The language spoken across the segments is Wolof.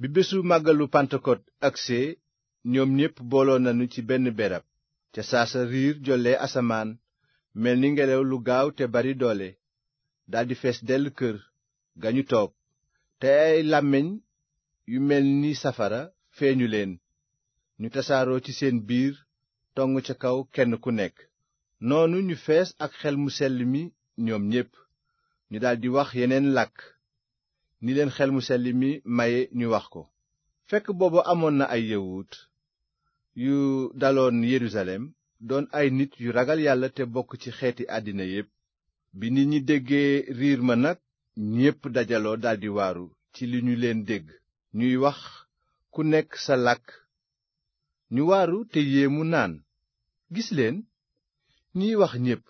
bi bésu màggalu pantekot agsee ñoom ñépp booloo nañu ci benn berab ca saasa riir jollee asamaan mel ni ngelaw lu gaaw te bari doole daldi fees dell kër ga ñu toog te ay làmmiñ yu mel ni safara feeñu leen ñu tasaaroo ci seen biir tong ca kaw kenn ku nekk noonu ñu fees ak xel mu sell mi ñoom ñépp ñu daldi wax yeneen làkk ni leen xel mu selli mi maye ñu wax ko fekk boobu amoon na ay yawut yu daloon Yerusalem doon ay nit yu ragal yàlla te bokk ci xeeti àddina yépp bi ni ñi déggee riir ma nag ñépp dajaloo daldi waaru ci li ñu leen dégg ñuy wax ku nekk sa làkk ñu waaru te mu naan gis leen ñiy wax ñépp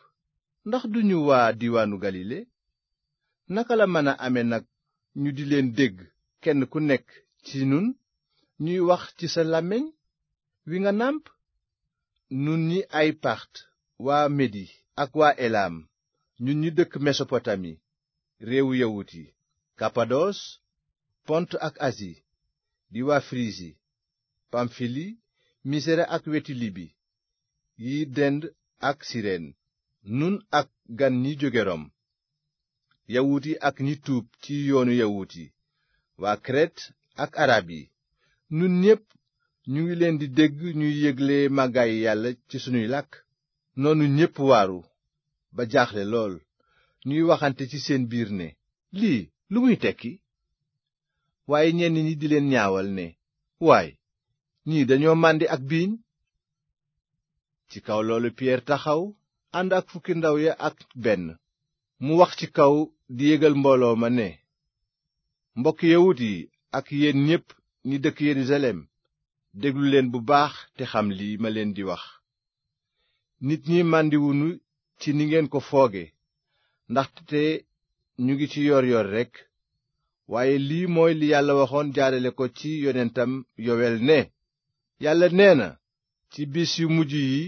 ndax ñu waa diwaanu Galile naka la mën a ame nag ñu di leen dégg kenn ku nekk ci nun ñuy wax ci sa làmmiñ wi nga nàmp nun ñi ay paxt waa medi ak waa elam ñun ñi dëkk mesopotami réewu yawut yi kapados pont ak asi di waa firisi pamfili misere ak weti libi yi dend ak sireen nun ak gan ñi jóge rom yawut yi ak ñi tuub ci yoonu yawut yi waa Kret ak arab yi nun ñépp ñu ngi leen di dégg ñuy yégle màggaayu yàlla ci sunuy làkk noonu ñépp waaru ba jaaxle lool ñuy waxante ci seen biir ne lii lu muy tekki waaye ñenn ñi di leen ñaawal ne waay ñii dañoo màndi ak biiñ ci kaw loolu Piyeer taxaw ànd ak fukki ndaw ya ak benn mu wax ci kaw di yëgal mbooloo ma ne mbokk yawut yi ak yéen ñépp ñi dëkk yerusalem déglu leen bu baax te xam lii ma leen di wax nit ñi màndiwuñu ci ni ngeen ko fooge ndaxte ñu ngi ci yoor yoor rekk waaye lii mooy li yàlla waxoon jaarale ko ci yonentam yowel ne yàlla nee na ci bis yu mujj yi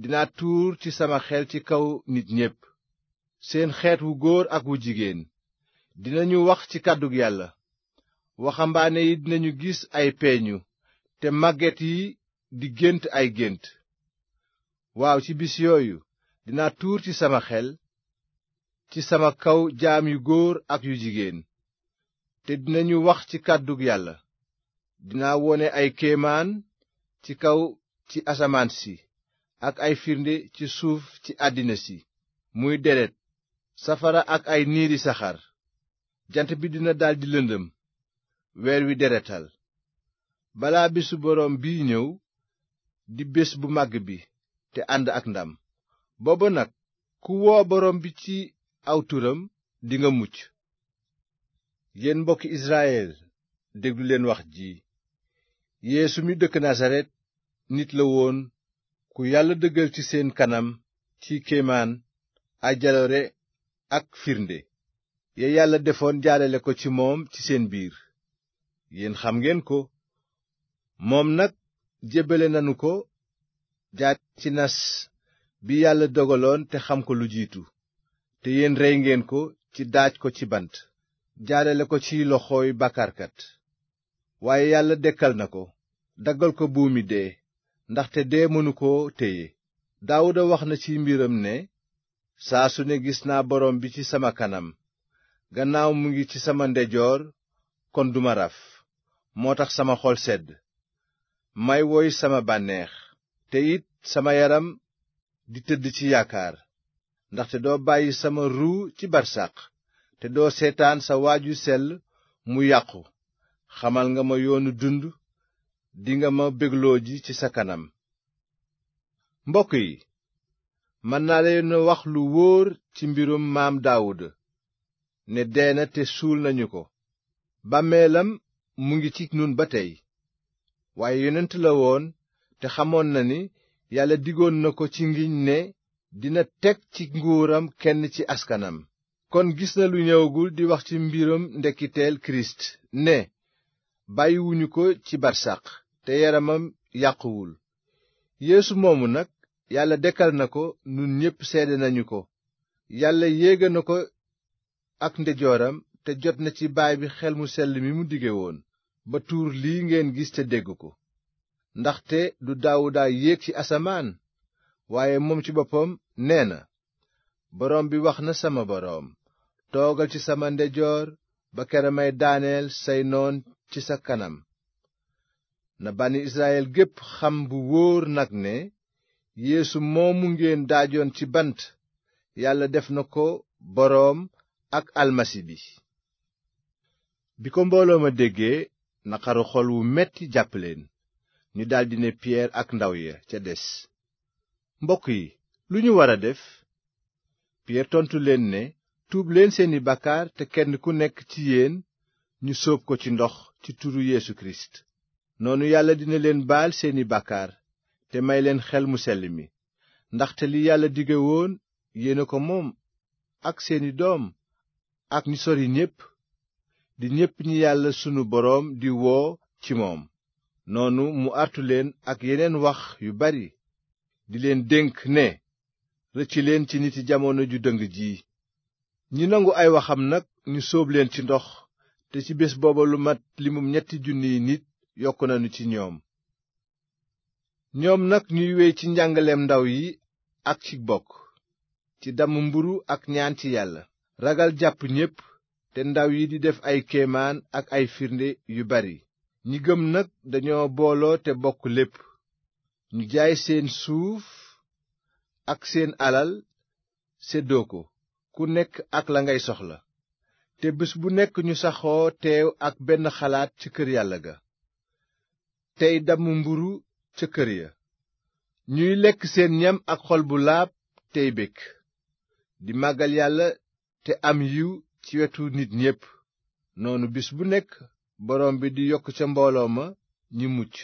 dinaa tuur ci sama xel ci kaw nit ñépp seen xeet wu góor ak wu jigéen dinañu wax ci kàddug yàlla waxambaane yi dinañu gis ay peeñu te màgget yi di gént ay gént waaw ci bis yooyu dina tuur ci sama xel ci sama kaw jaam yu góor ak yu jigéen te dinañu wax ci kàddug yàlla dinaa wone ay kéemaan ci kaw ci asamaan si ak ay firnde ci suuf ci àddina si muy deret safara ak ay niiri saxaar jant bi dina daldi lëndëm weer wi deretal balaa bisu boroom bi ñëw di bés bu màgg bi te ànd ak ndam booba nag ku woo boroom bi ci aw turam dinga mucc yéen mbokki Israyel déglu leen wax ji yéesu mi dëkk Nasaret nit la woon ku yàlla dëggal ci seen kanam ci kéemaan ay jaloore ak firnde ya yàlla defoon jaarale ko ci moom ci seen biir yéen xam ngeen ko moom nag jébbale nanu ko jaat ci nas bi yàlla dogaloon te xam ko lu jiitu te yéen rey ngeen ko ci daaj ko ci bant jaarale ko ci loxooy bàkkaarkat waaye yàlla dekkal na ko daggal ko buumi dee ndaxte dee mënu ko téye daawuda wax na ci mbiram ne saa su ne gis naa borom bi ci sama kanam gannaaw mu ngi ci sama ndejoor kon duma raf moo tax sama xol sedd may woy sama bànneex te it sama yaram di tëdd ci yaakaar ndaxte doo bàyyi sama ruu ci barsàq te doo seetaan sa waaju sell mu yàqu xamal nga ma yoonu dund dinga ma bégloo ji ci sa kanam mbokk yi mën naa leen wax lu wóor ci mbirum maam Daawuda ne dee na te suul nañu ko bàmmeelam mu ngi ci nun ba tey waaye yonent la woon te xamoon na ni yàlla digoon na ko ci ngiñ ne dina teg ci nguuram kenn ci askanam kon gis na lu ñëwagul di wax ci mbiram ndekkiteel kirist ne bàyyiwuñu ko ci barsàq te yaramam yàquwul yéesu moomu nag yàlla dekkal na ko ñun ñépp seede nañu ko yàlla yéege na ko ak ndeyjooram te jot na ci baay bi xel mu sell mi mu digge woon ba tuur lii ngeen gis te dégg ko ndaxte du daawudaa yéeg ci asamaan waaye moom ci boppam nee na boroom bi wax na sama boroom toogal ci sama ndeyjoor ba kera daaneel say noon ci sa kanam na bànni Israyil gépp xam bu wóor nag ne yéesu moomu ngeen daajoon ci bant yàlla def na ko boroom ak almasi bi bi ko mbooloo ma déggee naqaru xol wu metti jàpp leen ñu daldi ne piyeer ak ndaw ya ca des mbokk yi lu ñu war a def piyeer tontu leen ne tuub leen seeni bàkkaar te kenn ku nekk ci yéen ñu sóob ko ci ndox ci turu Yeesu Kirist noonu yàlla dina leen baal seeni bàkkaar te may leen xel mu sell mi ndaxte li yàlla digge woon yéena ko moom ak seeni doom ak ñu sori ñépp di ñépp ñi yàlla sunu boroom di woo ci moom noonu mu artu leen ak yeneen wax yu bari di leen dénk ne rëcci leen ci niti jamono ju dëng ji ñi nangu ay waxam nag ñu sóob leen ci ndox te ci bés booba lu mat limum ñetti junniy nit yokk nañu ci ñoom ñoom nag ñuy wey ci njàngaleem ndaw yi ak ci bokk ci damm mburu ak ñaan ci yàlla ragal jàpp ñépp te ndaw yi di def ay kéemaan ak ay firnde yu bari ñi gëm nag dañoo booloo te bokk lépp ñu jaay seen suuf ak seen alal séddoo ko ku nekk ak la ngay soxla te bés bu nekk ñu saxoo teew ak benn xalaat ci kër yàlla ga tey damm mburu ca kër ya ñuy lekk seen ñam ak xol bu laab tey bég di màggal yàlla te am yiw ci wetu nit ñépp noonu bés bu nekk borom bi di yokk ca mbooloo ma ñi mucc